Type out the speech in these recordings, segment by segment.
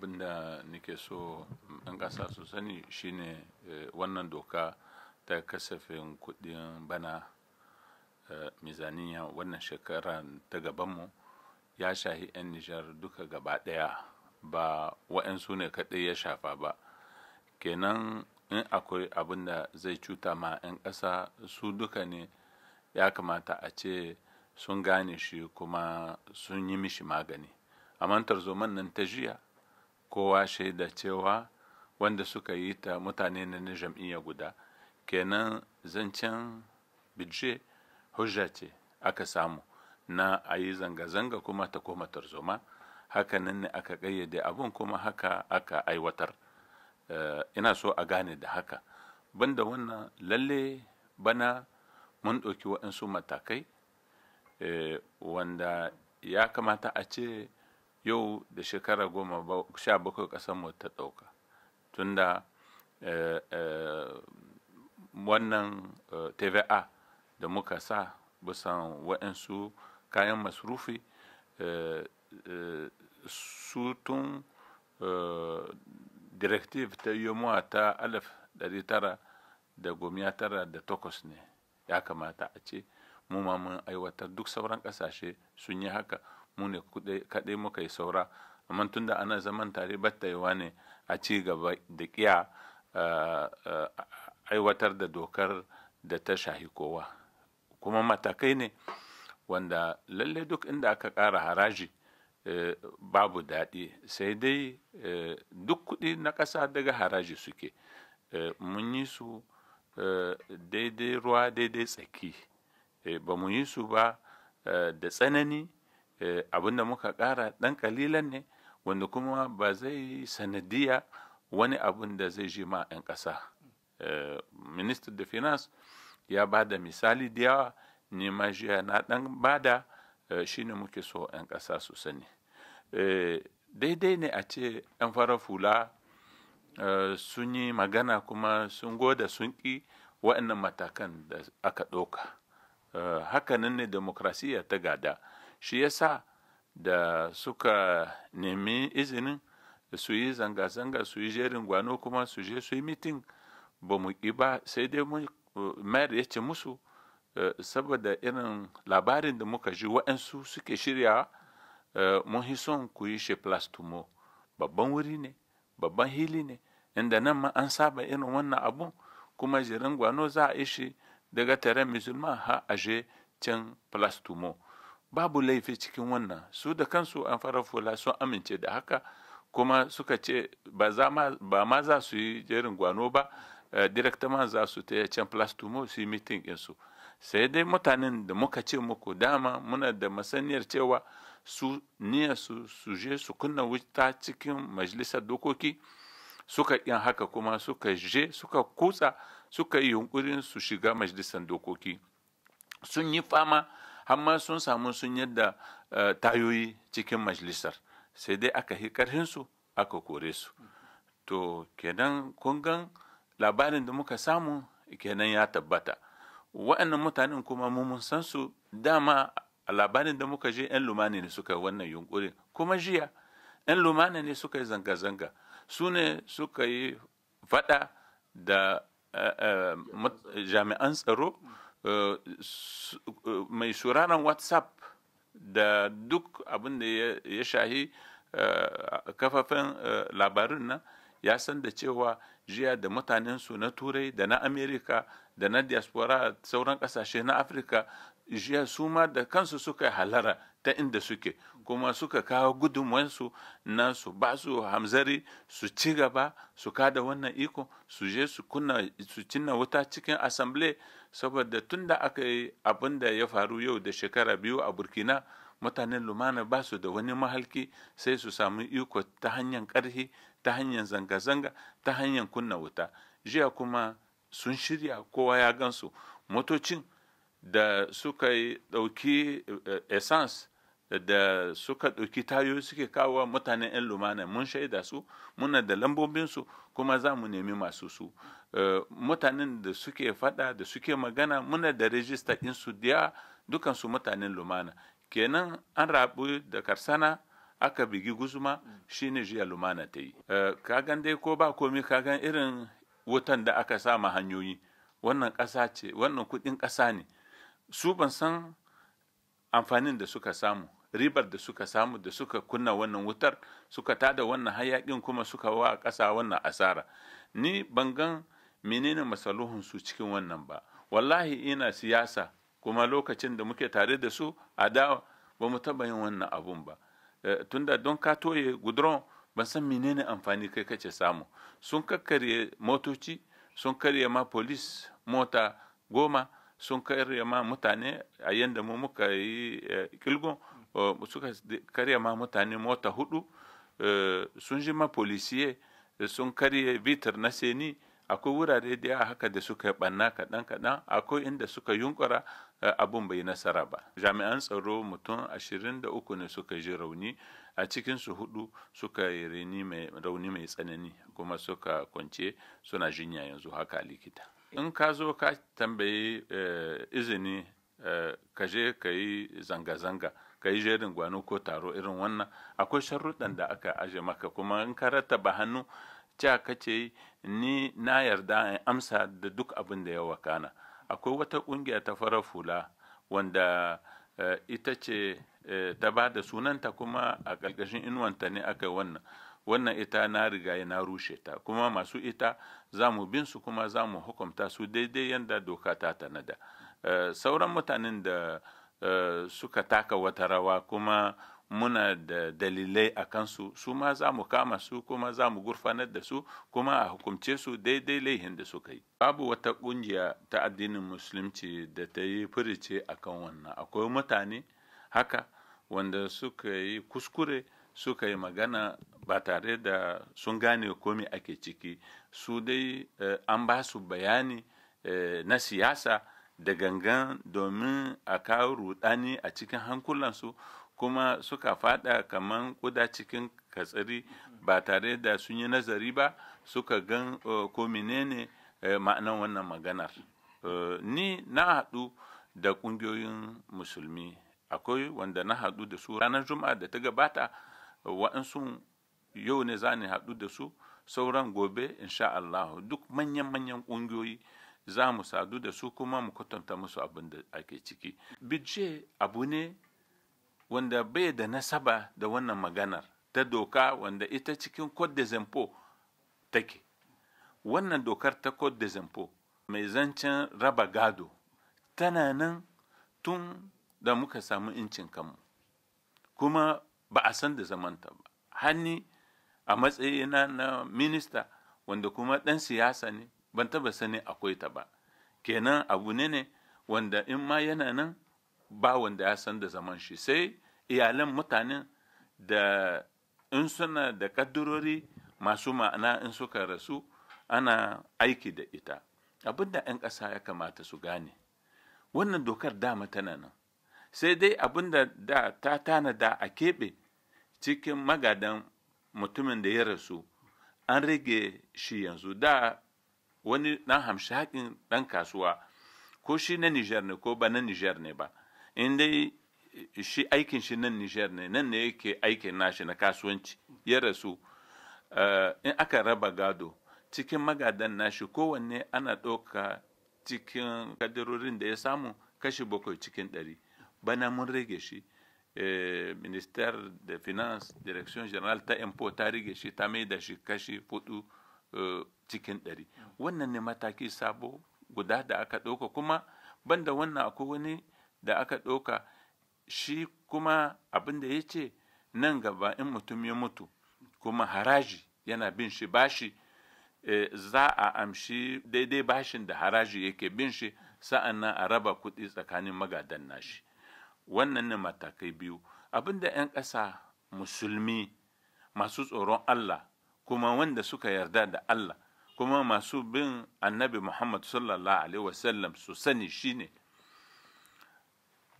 abin da nake so 'yan ƙasa su sani shine eh, wannan doka ta kasafin kuɗin bana eh, mizaniya wannan shekara ta gabanmu ya shahi 'yan nijar duka gaba ɗaya ba wa'yansu ne kaɗai ya shafa ba kenan in akwai abin da zai cuta ma 'yan ƙasa su duka ne ya kamata a ce sun gane shi kuma sun yi mishi magani mantar zoman nan ta jiya kowa shaida cewa wanda suka yi ta mutane ne na jam'iyya guda kenan zancen bije hujja ce aka samu na a yi zanga-zanga kuma ta koma tarzoma haka nan ne aka gayyade abun kuma haka aka aiwatar eh, ina so a gane da haka banda wannan lalle bana mun ɗauki waɗansu matakai eh, wanda ya kamata a ce yau da shekara goma sha bakwai ƙasarmu ta ɗauka tunda eh, eh, wannan eh, tva da muka sa bisan waɗansu kayan masrufi su tun directive ta yomuwa ta alif ɗari tara da gomiya tara da takwas ne ya kamata a ce mu ma mun aiwatar duk sauran ƙasashe sun yi haka mu ne kaɗai muka yi saura amma tun da ana zaman tare battayewa ne a ci gaba da ƙiya eh, eh, aiwatar da dokar da ta shahi kowa kuma matakai ne wanda lalle duk inda aka ƙara haraji eh, babu daɗi sai dai duk kuɗi na ƙasa daga haraji suke mun yi su daidai ruwa daidai tsaki ba mu yi su ba da tsanani Eh, abin da muka ƙara ɗan ƙalilan ne wanda kuma ba zai sanadiya wani abin da zai ji ma 'yan ƙasa eh, minister da Finans ya ba da misali da yawa ne ma jiya na ɗan ba da eh, shi ne muke so 'yan ƙasa su sani daidai ne a ce 'yan fara fula sun yi magana kuma sun goda sun ƙi waɗannan matakan da aka ɗauka hakanan ne demokrasiya ta gada shi yasa da suka nemi izinin su yi zanga-zanga su yi jerin gwano kuma su je su yi mitin ba mu ki ba sai dai mayar ya ce musu eh, saboda irin labarin da muka ji waɗansu suke shirya eh, mun hi son ku yi shi plastumo babban wuri ne babban hili ne inda nan ma an saba irin wannan abun kuma jerin gwano za a yi daga tare musulman ha aje can plastomo. babu laifi cikin wannan su da kansu an fara fula sun amince da haka kuma suka ce ba ma za su yi jerin gwano ba eh, ma za su ta can plastumo su yi mitin ɗinsu sai dai mutanen da muka ce muku dama muna da masaniyar cewa su niyar su su je su kunna wuta cikin majalisar dokoki suka yin haka kuma suka je suka kutsa suka yi yunkurin su shiga majalisar dokoki sun yi fama har ma sun samu sun yadda eh, tayoyi cikin majalisar sai dai aka hi su aka kore su to kenan kun gan labarin da muka samu kenan ya tabbata wa'annan mutanen kuma mun san su dama a labarin da muka je 'yan lumani ne suka yi wannan yunkurin kuma jiya 'yan lumani ne suka yi zanga-zanga su ne suka yi faɗa da eh, eh, jami'an tsaro Eh, eh, mai shuranan whatsapp da duk abin da ya shahi eh, kafafen labarin nan ya san da cewa jiya da mutanensu na turai da na amerika da na diaspora sauran kasashe na afirka jiya su ma da kansu suka halara ta inda suke kuma suka kawo gudunmuwansu na su ba su hamzari su ci gaba su kada wannan iko su je su kunna su cinna wuta cikin asamble saboda tun da aka yi abin da ya faru yau da shekara biyu a burkina mutanen lumana ba su da wani mahalki sai su samu iko ta hanyar ƙarfi ta hanyar zanga-zanga ta hanyar kunna wuta jiya kuma sun shirya kowa ya gansu motocin da suka ɗauki eh, essence da suka ɗauki tayoyi suke kawo mutanen 'yan lumana mun shaida su muna da lambobinsu kuma za mu nemi masu su eh, mutanen da suke fada da suke magana muna da rijista ɗinsu diya dukansu mutanen lumana kenan an rabu da karsana aka bigi guzuma shine jiya lumana ta yi eh, kagan dai ko ba komi kagan irin wutan da aka sama hanyoyi wannan ƙasa ce wannan kuɗin ƙasa ne su ban san amfanin da suka samu ribar da suka samu da suka kunna wannan wutar suka tada wannan hayakin kuma suka wa ƙasa wannan asara ni ban gan menene masaluhun su cikin wannan ba wallahi ina siyasa kuma lokacin da muke tare da su a da ba mu taɓa yin wannan abun ba eh, tunda don ka toye gudron ban san menene amfani kai kace samu sun kakkarye motoci sun karye ma polis mota goma sun karya ma mutane a yadda mu muka yi eh, kilgon eh, suka karya ma mutane mota hudu eh, sun ji ma polisiye sun karya bitar na seni akwai wurare da haka da suka banna kaɗan kaɗan akwai inda suka yunkura abun bai nasara ba jami'an tsaro mutum ashirin da uku ne suka ji rauni a cikinsu hudu suka yi rauni mai tsanani kuma suka kwance suna jinya yanzu haka likita in ka zo ka tambayi eh, izini eh, ka je ka yi zanga-zanga ka yi jerin gwano ko taro irin wannan akwai sharuɗan da aka aje maka kuma in ka rattaba hannu Cewa ka ce ni na yarda in amsa da duk abin da ya wakana akwai wata ƙungiya ta fara fula wanda eh, ita ce ta ba da sunanta kuma a ƙarƙashin inuwanta ne aka yi wannan wannan ita na riga na rushe ta kuma masu ita za mu bin su kuma za mu hukumta su daidai yadda doka ta tanada eh, sauran mutanen da eh, suka taka wata rawa kuma muna da dalilai a kansu su ma za mu kama su kuma za mu gurfanar da su kuma a hukumce su daidai laihin da suka yi babu wata kungiya ta addinin musulunci da ta yi firice akan wannan akwai mutane haka wanda suka yi kuskure suka yi magana ba tare da sun gane komi ake ciki su dai eh, an ba su bayani eh, na siyasa da gangan domin a kawo rudani a cikin hankulansu kuma suka fada kamar kuda cikin katsari ba tare da sun yi nazari ba suka gan eh, ko ne ma'anan wannan maganar ni na hadu da ƙungiyoyin musulmi akwai wanda na haɗu da su ranar juma'a da ta gabata wa'ansu yau ne za ni haɗu da su sauran gobe in sha Allah duk manyan-manyan ƙungiyoyi za mu sadu da su kuma mu kwatanta musu abin da ake ciki. Bije abu ne wanda bai da nasaba da wannan maganar ta doka wanda ita cikin Code de Zempo take. Wannan dokar ta Code de Zempo mai zancen raba gado tana nan tun da muka samu incin kanmu kuma ba a san da zamanta ba. Hanni a matsayina na minista wanda kuma ɗan siyasa ne ban taba sani akwai ta ba kenan abu ne ne wanda in ma yana nan ba wanda ya san da zaman shi sai iyalan mutanen da in suna da ƙaddarori masu ma'ana in suka rasu ana aiki da ita abin da 'yan ƙasa ya kamata su gane wannan dokar dama tana nan sai dai abin da ta tana da a keɓe cikin magadan mutumin da ya rasu an rage shi yanzu da wani ɗan hamshi haƙin ɗan kasuwa ko shi na Nijar ne ko ba na Nijar ne ba in shi aikin shi nan Nijar ne nan ne yake aikin nashi na kasuwanci ya rasu eh, in aka raba gado cikin magadan nashi kowanne ana ɗauka cikin kadirorin da ya samu kashi bakwai cikin ɗari bana mun rage shi Eh, ministère da finances direction general ta impo ta rige shi ta mai da shi kashi fudu eh, cikin dari wannan ne mataki sabo guda da aka ɗauka kuma banda wannan akwai wani da aka ɗauka shi kuma abin da ya ce nan gaba in mutum ya mutu kuma haraji yana bin shi bashi eh, za a amshi daidai bashin da haraji yake bin shi sa'an nan a raba kuɗi tsakanin magadan nashi wannan ne matakai biyu abinda 'yan ƙasa musulmi masu tsoron Allah kuma wanda suka yarda da Allah kuma masu bin annabi Muhammad sallallahu alaihi wasallam su sani shine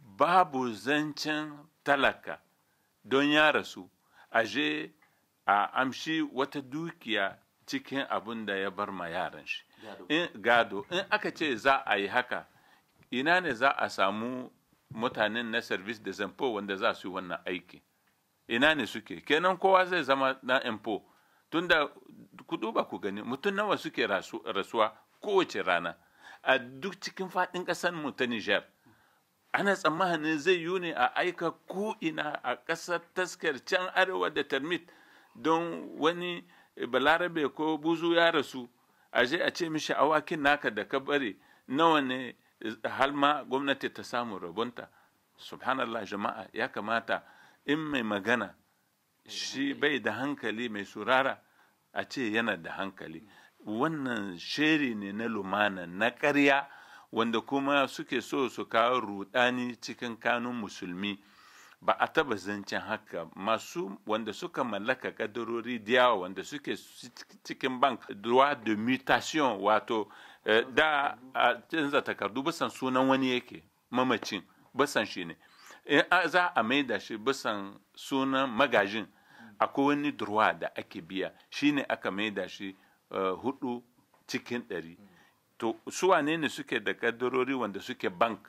babu zancen talaka don ya rasu aje a amshi wata dukiya cikin abin da ya bar ma yaran shi gado in aka ce za a yi haka ina ne za a samu mutanen na service da zampo wanda za su yi wannan aiki ina ne suke kenan kowa zai zama na empo tunda ku duba ku gani mutum nawa suke rasuwa kowace rana a duk cikin faɗin ƙasar mu ta Nijar ana tsammanin zai yi ne a aika ina a ƙasar taskar can arewa da termit don wani balarabe ko buzu ya rasu a je a ce mishi awakin naka da ka bari nawa ne har ma gwamnati ta samu rabonta subhanallah jama'a ya kamata in mai magana shi bai da hankali mai surara a ce yana da hankali wannan sheri ne na lumana na ƙarya wanda kuma suke so su kawo rudani cikin kanun musulmi ba a taba zancen haka masu wanda suka mallaka kadarori da yawa wanda suke cikin bank droit de mutation wato Eh, da a canza takardu bisan sunan wani yake mamacin bisan shi ne in za a da shi bisan sunan magajin akwai wani durwa da ake biya ne aka mai da shi eh, hudu cikin ɗari to su wane ne suke da kadarori wanda suke bank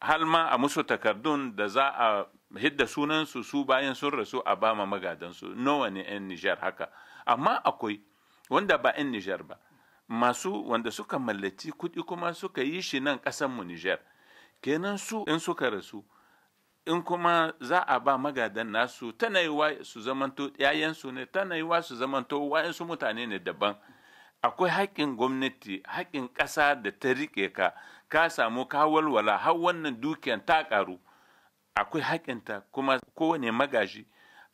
Hal ma a musu takardun da za a hidda sunansu su bayan sun rasu a bama magadansu nawa ne 'yan nijar haka amma akwai wanda ba 'yan nijar ba masu wanda suka mallaci kuɗi kuma suka yi shi nan mu Nijar. Kenan su in suka rasu, in kuma za a ba magadan nasu tana wa su zamanto ‘ya'yansu ne, tana wa su zamanto wa'yansu mutane ne daban. Akwai haƙƙin gwamnati, haƙƙin ƙasa da ta riƙe ka, ka samu ka walwala har wannan dukiyan ta ƙaru. Akwai haƙƙinta kuma kowane magaji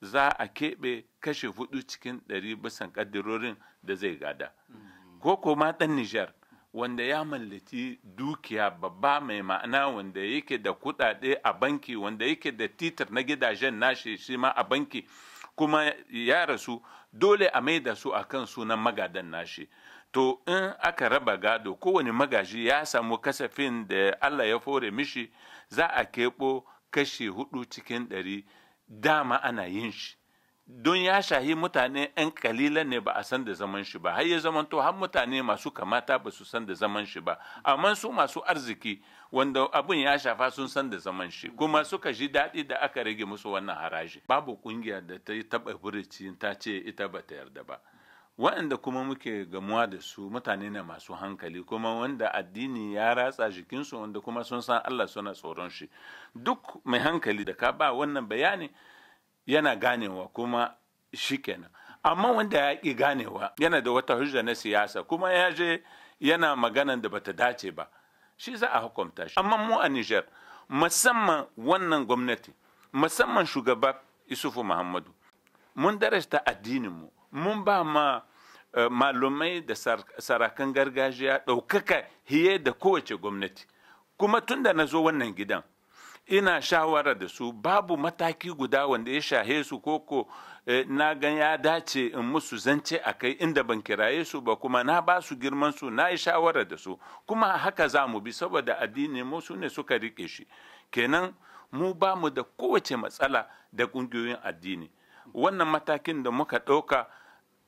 za a keɓe kashe hudu cikin ɗari bisan ƙaddarorin da zai gada. Mm. ko ma ɗan Nijar wanda ya mallaki dukiya babba mai ma'ana wanda yake da kuɗaɗe a banki wanda yake da titir na gidajen nashi shi ma a banki kuma ya rasu dole a mai da su a kan sunan magadan nashi to in aka raba gado kowane magaji ya samu kasafin da Allah ya fore mishi za a keɓo kashi hudu cikin ɗari dama ana yin shi don ya shahi mutane ɗan kalilan ne ba a san da zaman shi ba har ya zaman to har mutane masu kamata ba su san da zaman shi ba amma su masu arziki wanda abin ya shafa sun san da zaman shi kuma suka ji daɗi da aka rage musu wannan haraji babu ƙungiya da ta yi taɓa furici ta ce ita ba ta yarda ba waɗanda kuma muke gamuwa da su mutane ne masu hankali kuma wanda addini ya ratsa jikinsu wanda kuma sun san Allah suna tsoron shi duk mai hankali da ka ba wannan bayani yana ganewa kuma shi kenan amma wanda ya ƙi ganewa yana da wata hujja na siyasa kuma ya je yana maganan da bata dace ba shi za a hukunta shi amma mu a Niger musamman wannan gwamnati musamman shugaba Isufu Muhammadu mun darasta addinin mu mun ba ma eh, malumai da sarakan gargajiya ɗaukaka hiye da kowace gwamnati kuma tunda na zo wannan gidan ina shawara da su babu mataki guda wanda ya shahe su koko eh, na gan ya dace in musu zance a kai inda ban kiraye su ba kuma na ba su girman su na yi shawara da su kuma haka za mu bi saboda addini mu su ne suka rike shi kenan mu ba mu da kowace matsala da ƙungiyoyin addini wannan matakin da muka ɗauka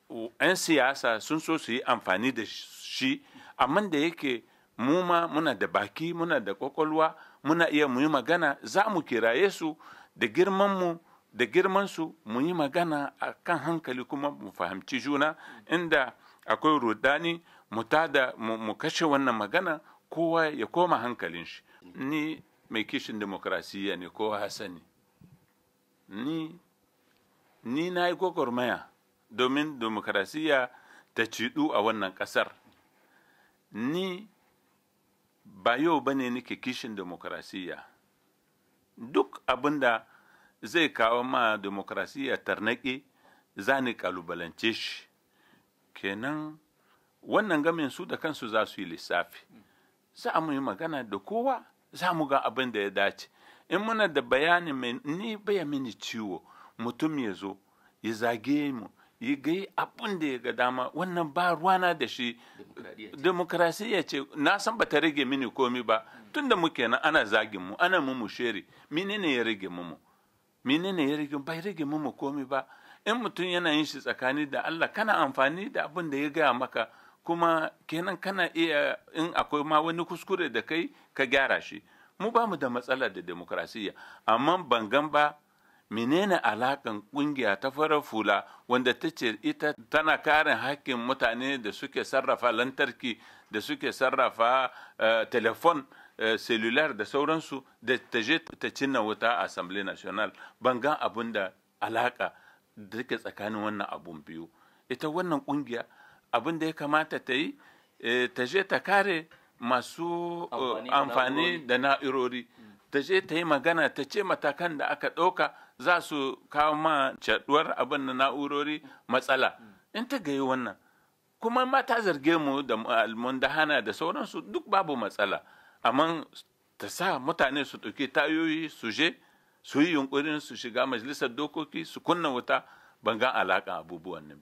'yan siyasa sun so su yi amfani da shi amma da yake mu ma muna da baki muna da ƙwaƙwalwa muna iya muyi magana za mu kiraye su da girmanmu da girmansu mu yi magana a kan hankali kuma mu fahimci juna inda akwai rudani mu tada mu kashe wannan magana kowa ya koma hankalin shi ni mai kishin demokrasiya ne kowa hasani ni ni na yi gwagwarmaya domin demokrasiya ta ciɗu a wannan ƙasar ni ba yau ba ne nake kishin demokrasiya duk abin da zai kawo ma demokrasiya tarnaƙi za ni kalubalance shi kenan wannan gamin su da kansu za su yi lissafi za mu yi magana da kowa za mu ga abin da ya dace in muna da bayani mai ni baya mini ciwo mutum ya zo ya zage mu yi gai abin da ya ga dama wannan ba ruwana da shi demokrasiya ce na san ba ta rage mini komi ba tun da muke nan ana zagin mu ana shere sheri ne ya rage mumu mu ne ya rage bai rage mumu komi ba in mutum yana yin shi tsakani da Allah kana amfani da abin da ya gaya maka kuma kenan kana iya in akwai ma wani kuskure da kai ka gyara shi mu ba mu da matsala da demokrasiya amma ban gan ba menene alakan ƙungiya ta farar fula wanda ta ce ita tana karin hakkin mutane da suke sarrafa lantarki da suke sarrafa eh, telefon eh, cellular da sauransu da ta je ta cinna wuta a assembly national ban ga abin da alaka da take tsakanin wannan abun biyu ita wannan ƙungiya abin da ya kamata ta yi eh, ta je ta kare masu amfani da na'irori ta je ta yi magana ta ce matakan da aka ɗauka za su kawo ma caduwar abin na na'urori matsala in ta gayi wannan kuma ma ta zarge mu da hana da sauransu duk babu matsala amma ta sa mutane su ɗauki tayoyi su je su yi yunkurin su shiga majalisar dokoki su kunna wuta ban ga alaƙa abubuwan nan